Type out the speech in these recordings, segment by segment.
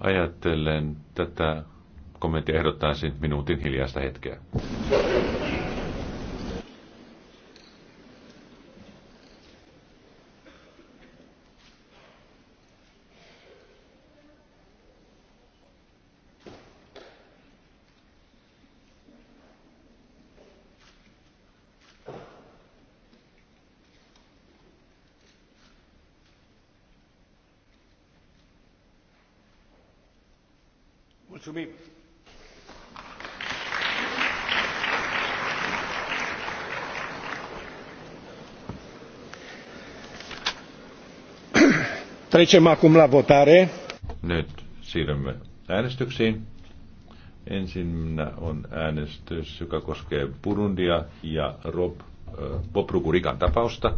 Ajattelen tätä kommenttia ehdottaisin minuutin hiljaista hetkeä. Mulțumim! Trecem acum la votare. Nyt siirrymme äänestyksiin. Ensinnä on äänestys, joka koskee Burundia ja Rob Bobrugurikan tapausta.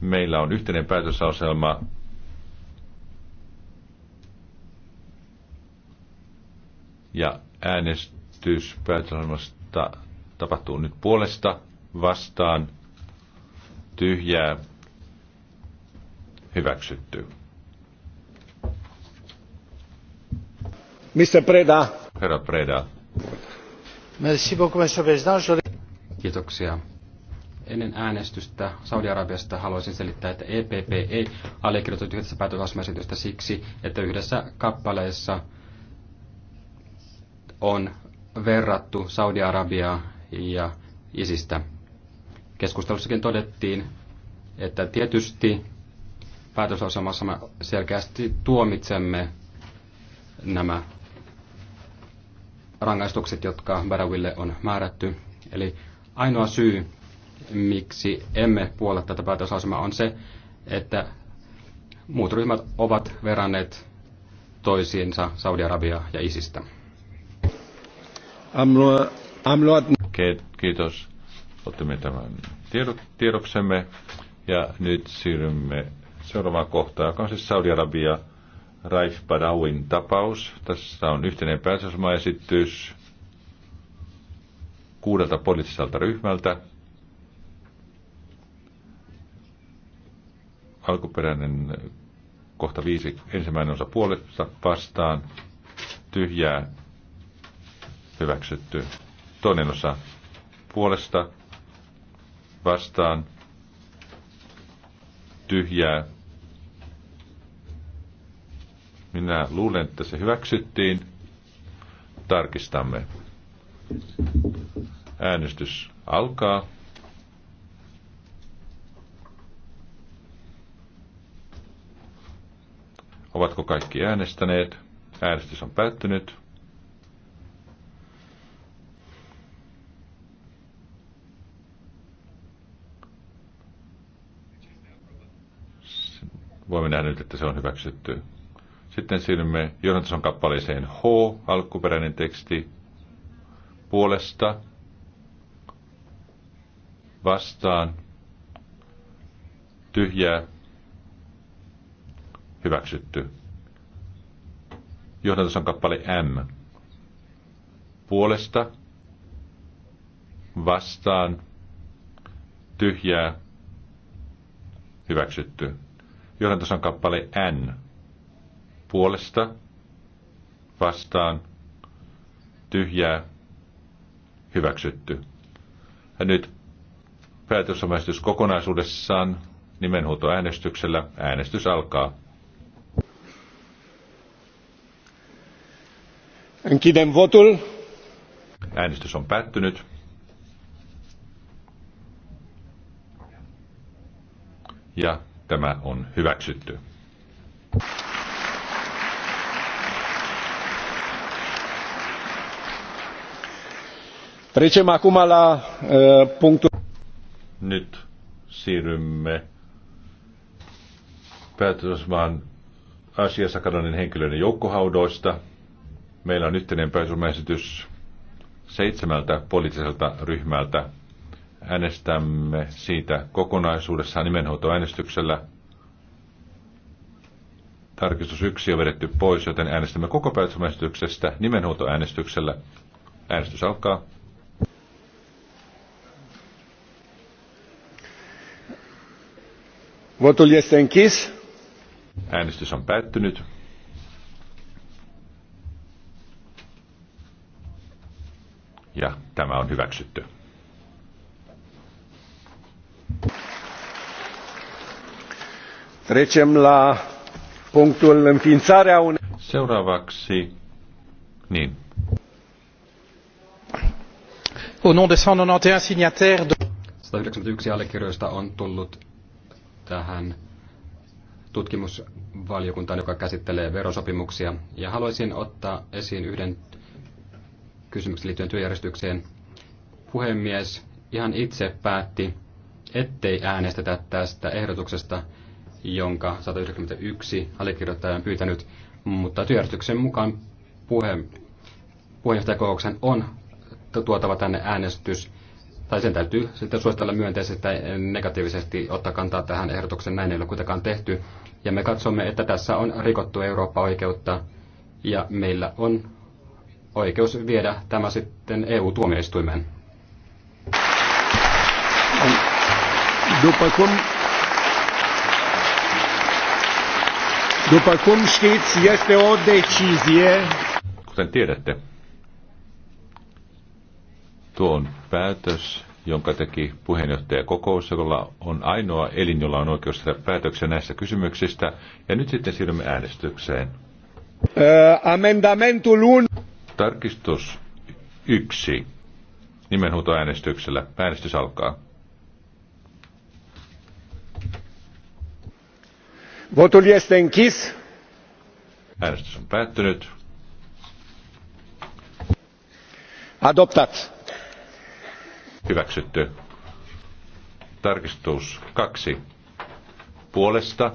Meillä on yhteinen päätösasema ja äänestys päätösohjelmasta tapahtuu nyt puolesta vastaan tyhjää hyväksytty. Mr. Preda. Herra Preda. Merci beaucoup, monsieur président. Kiitoksia. Ennen äänestystä Saudi-Arabiasta haluaisin selittää, että EPP ei allekirjoittanut yhdessä päätöslausumaesitystä siksi, että yhdessä kappaleessa on verrattu Saudi-Arabiaa ja Isistä. Keskustelussakin todettiin, että tietysti päätösosamassa me selkeästi tuomitsemme nämä rangaistukset, jotka Barawille on määrätty. Eli ainoa syy, miksi emme puolla tätä päätösasemaa, on se, että muut ryhmät ovat verranneet toisiinsa Saudi-Arabia ja ISIStä. Kiitos. Otimme tämän tiedot, tiedoksemme ja nyt siirrymme seuraavaan kohtaan, joka on siis Saudi-Arabia Raif Badawin tapaus. Tässä on yhteinen päätösmaesitys kuudelta poliittiselta ryhmältä. Alkuperäinen kohta viisi, ensimmäinen osa puolesta vastaan, tyhjää hyväksytty. Toinen osa puolesta vastaan tyhjää. Minä luulen, että se hyväksyttiin. Tarkistamme. Äänestys alkaa. Ovatko kaikki äänestäneet? Äänestys on päättynyt. voimme nähdä nyt, että se on hyväksytty. Sitten siirrymme Jonatason kappaleeseen H, alkuperäinen teksti, puolesta, vastaan, tyhjää, hyväksytty. Johdantason kappale M, puolesta, vastaan, tyhjää, hyväksytty on kappale N puolesta vastaan tyhjää hyväksytty. Ja nyt päätösomaistus kokonaisuudessaan nimenhuutoäänestyksellä. Äänestys alkaa. Enkiden votul. Äänestys on päättynyt. Ja Tämä on hyväksytty. E, Nyt siirrymme päätösmaan asiassa kadonneen henkilöiden joukkohaudoista. Meillä on yhteinen päätösmäesitys seitsemältä poliittiselta ryhmältä Äänestämme siitä kokonaisuudessaan nimenhuutoäänestyksellä. Tarkistus 1 on vedetty pois, joten äänestämme koko päätösmäistyksestä nimenhuutoäänestyksellä. Äänestys alkaa. Votul este închis. Äänestys on päättynyt. Ja tämä on hyväksytty. Trecem la punctul înființarea unei... Seuraavaksi, niin. Au nom de 191 signataires de... 191 allekirjoista on tullut tähän tutkimusvaliokuntaan, joka käsittelee verosopimuksia. Ja haluaisin ottaa esiin yhden kysymyksen liittyen työjärjestykseen. Puhemies ihan itse päätti, ettei äänestetä tästä ehdotuksesta, jonka 191 allekirjoittaja on pyytänyt, mutta työjärjestyksen mukaan puhe, puheenjohtajakokouksen on tuotava tänne äänestys, tai sen täytyy sitten suositella myönteisesti tai negatiivisesti ottaa kantaa tähän ehdotuksen, näin ei ole kuitenkaan tehty. Ja me katsomme, että tässä on rikottu Eurooppa-oikeutta, ja meillä on oikeus viedä tämä sitten EU-tuomioistuimeen. După După cum știți, este o decizie. Kuten tiedätte, tuo on päätös, jonka teki kokous, jolla on ainoa elin, jolla on oikeus tehdä päätöksiä näissä kysymyksistä. Ja nyt sitten siirrymme äänestykseen. Ää, un... Tarkistus yksi. Nimenhuutoäänestyksellä. Äänestys alkaa. Votul este închis. Äänestys on päättynyt. Adoptat. Hyväksytty. Tarkistus kaksi. Puolesta.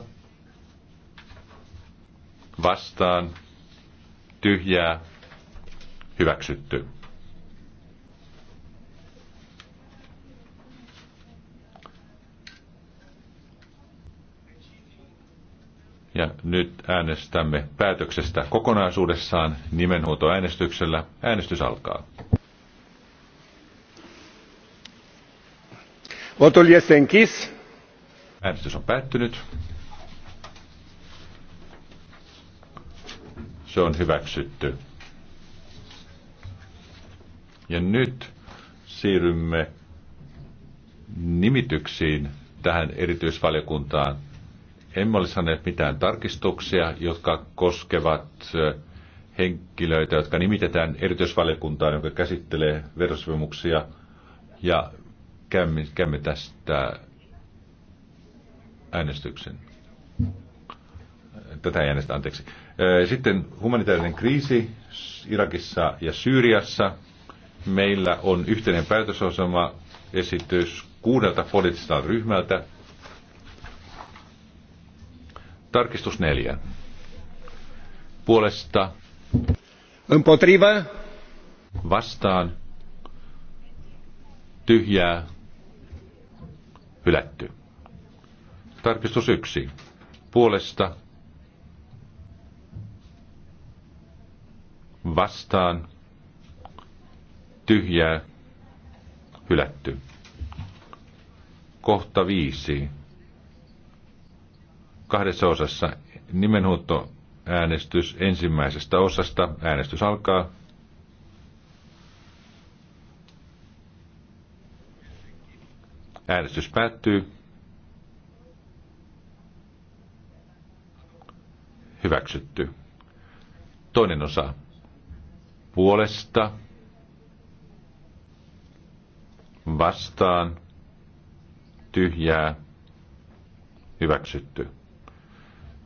Vastaan. Tyhjää. Hyväksytty. Ja nyt äänestämme päätöksestä kokonaisuudessaan nimenhuutoäänestyksellä. Äänestys alkaa. Votul este închis. Äänestys on päättynyt. Se on hyväksytty. Ja nyt siirrymme nimityksiin tähän erityisvaliokuntaan emme ole saaneet mitään tarkistuksia, jotka koskevat henkilöitä, jotka nimitetään erityisvaliokuntaan, joka käsittelee verosopimuksia. Ja käymme, käymme tästä äänestyksen. Tätä ei äänestä, anteeksi. Sitten humanitaarinen kriisi Irakissa ja Syyriassa. Meillä on yhteinen päätösosama esitys kuudelta poliittiselta ryhmältä. Tarkistus neljä. Puolesta. Împotrivă. Vastaan. Tyhjää. Hylätty. Tarkistus yksi. Puolesta. Vastaan. Tyhjää. Hylätty. Kohta viisi kahdessa osassa nimenhuutto äänestys ensimmäisestä osasta. Äänestys alkaa. Äänestys päättyy. Hyväksytty. Toinen osa. Puolesta. Vastaan. Tyhjää. Hyväksytty.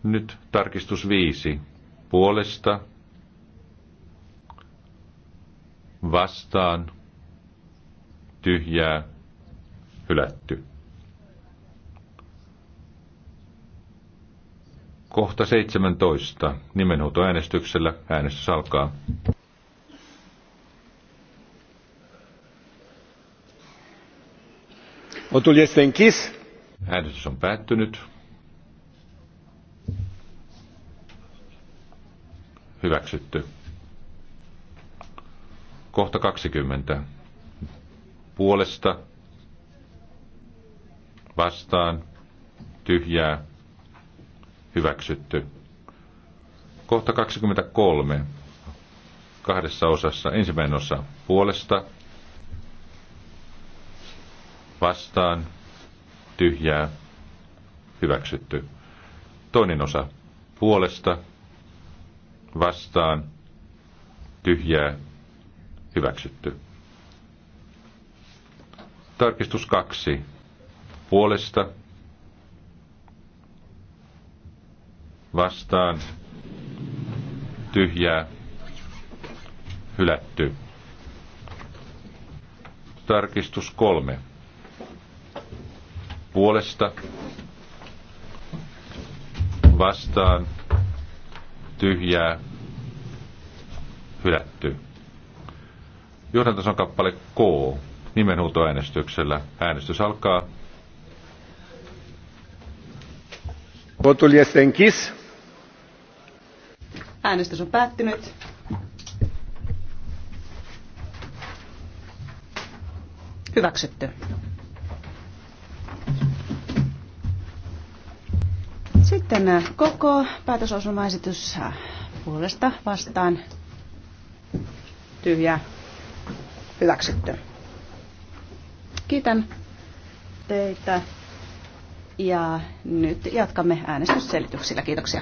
Nyt tarkistus viisi. Puolesta. Vastaan. Tyhjää. Hylätty. Kohta 17. Nimenhuutoäänestyksellä äänestys alkaa. Votul Äänestys on päättynyt. hyväksytty. Kohta 20. Puolesta vastaan tyhjää hyväksytty. Kohta 23. Kahdessa osassa. Ensimmäinen osa puolesta vastaan tyhjää hyväksytty. Toinen osa puolesta vastaan tyhjää hyväksytty. Tarkistus kaksi. Puolesta vastaan tyhjää hylätty. Tarkistus kolme. Puolesta vastaan tyhjää, hylätty. Johdantason kappale K, nimenhuutoäänestyksellä. Äänestys alkaa. Votul Äänestys on päättynyt. Hyväksytty. Sitten äh, koko päätösosumaesitys äh, puolesta vastaan tyhjä hyväksytty. Kiitän teitä ja nyt jatkamme äänestysselityksillä. Kiitoksia.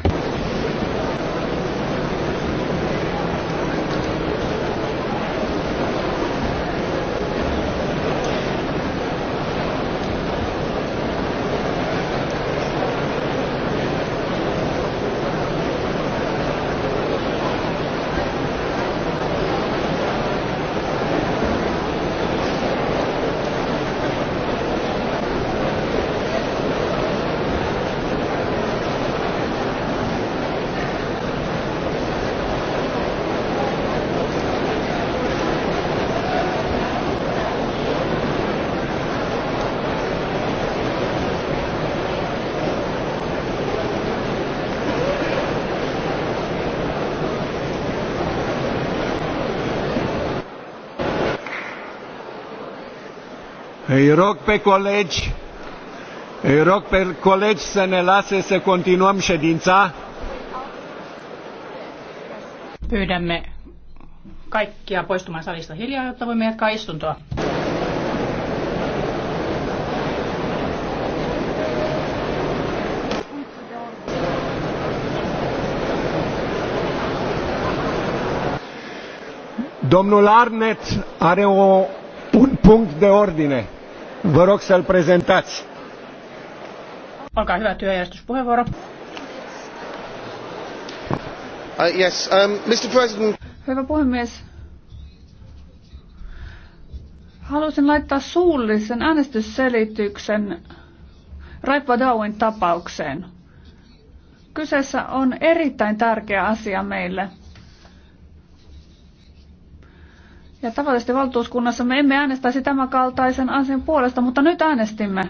Îi rog pe colegi, îi rog pe colegi să ne lase să continuăm ședința. Pyydämme kaikkia poistumaan salista hiljaa, jotta voimme jatkaa istuntoa. Domnul Arnet are o, un punct de ordine. Vă rog să-l prezentați. Olkaa hyvä työjärjestyspuheenvuoro. Uh, yes, um, Mr. President. Hyvä puhemies. Haluaisin laittaa suullisen äänestysselityksen Raipa Dauin tapaukseen. Kyseessä on erittäin tärkeä asia meille. Ja tavallisesti valtuuskunnassa me emme äänestäisi tämän kaltaisen asian puolesta, mutta nyt äänestimme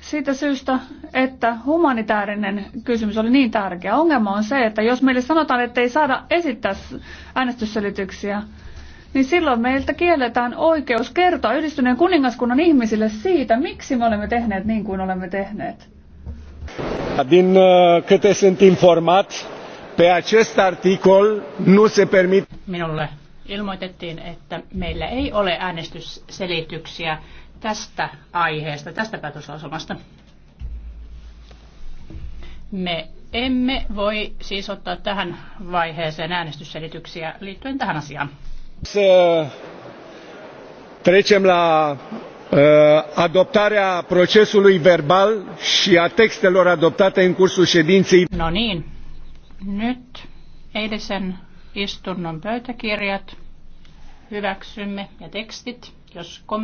siitä syystä, että humanitaarinen kysymys oli niin tärkeä. Ongelma on se, että jos meille sanotaan, että ei saada esittää äänestysselityksiä, niin silloin meiltä kielletään oikeus kertoa yhdistyneen kuningaskunnan ihmisille siitä, miksi me olemme tehneet niin kuin olemme tehneet. Din uh, câte sunt informat, pe acest articol nu se permit... Minulle ilmoitettiin, että meillä ei ole äänestysselityksiä tästä aiheesta, tästä päätöslausumasta. Me emme voi siis ottaa tähän vaiheeseen äänestysselityksiä liittyen tähän asiaan. Trecem la adoptarea procesului verbal și a textelor adoptate în cursul ședinței. No niin, nyt eilisen istunnon pöytäkirjat hyväksymme ja tekstit, jos kom-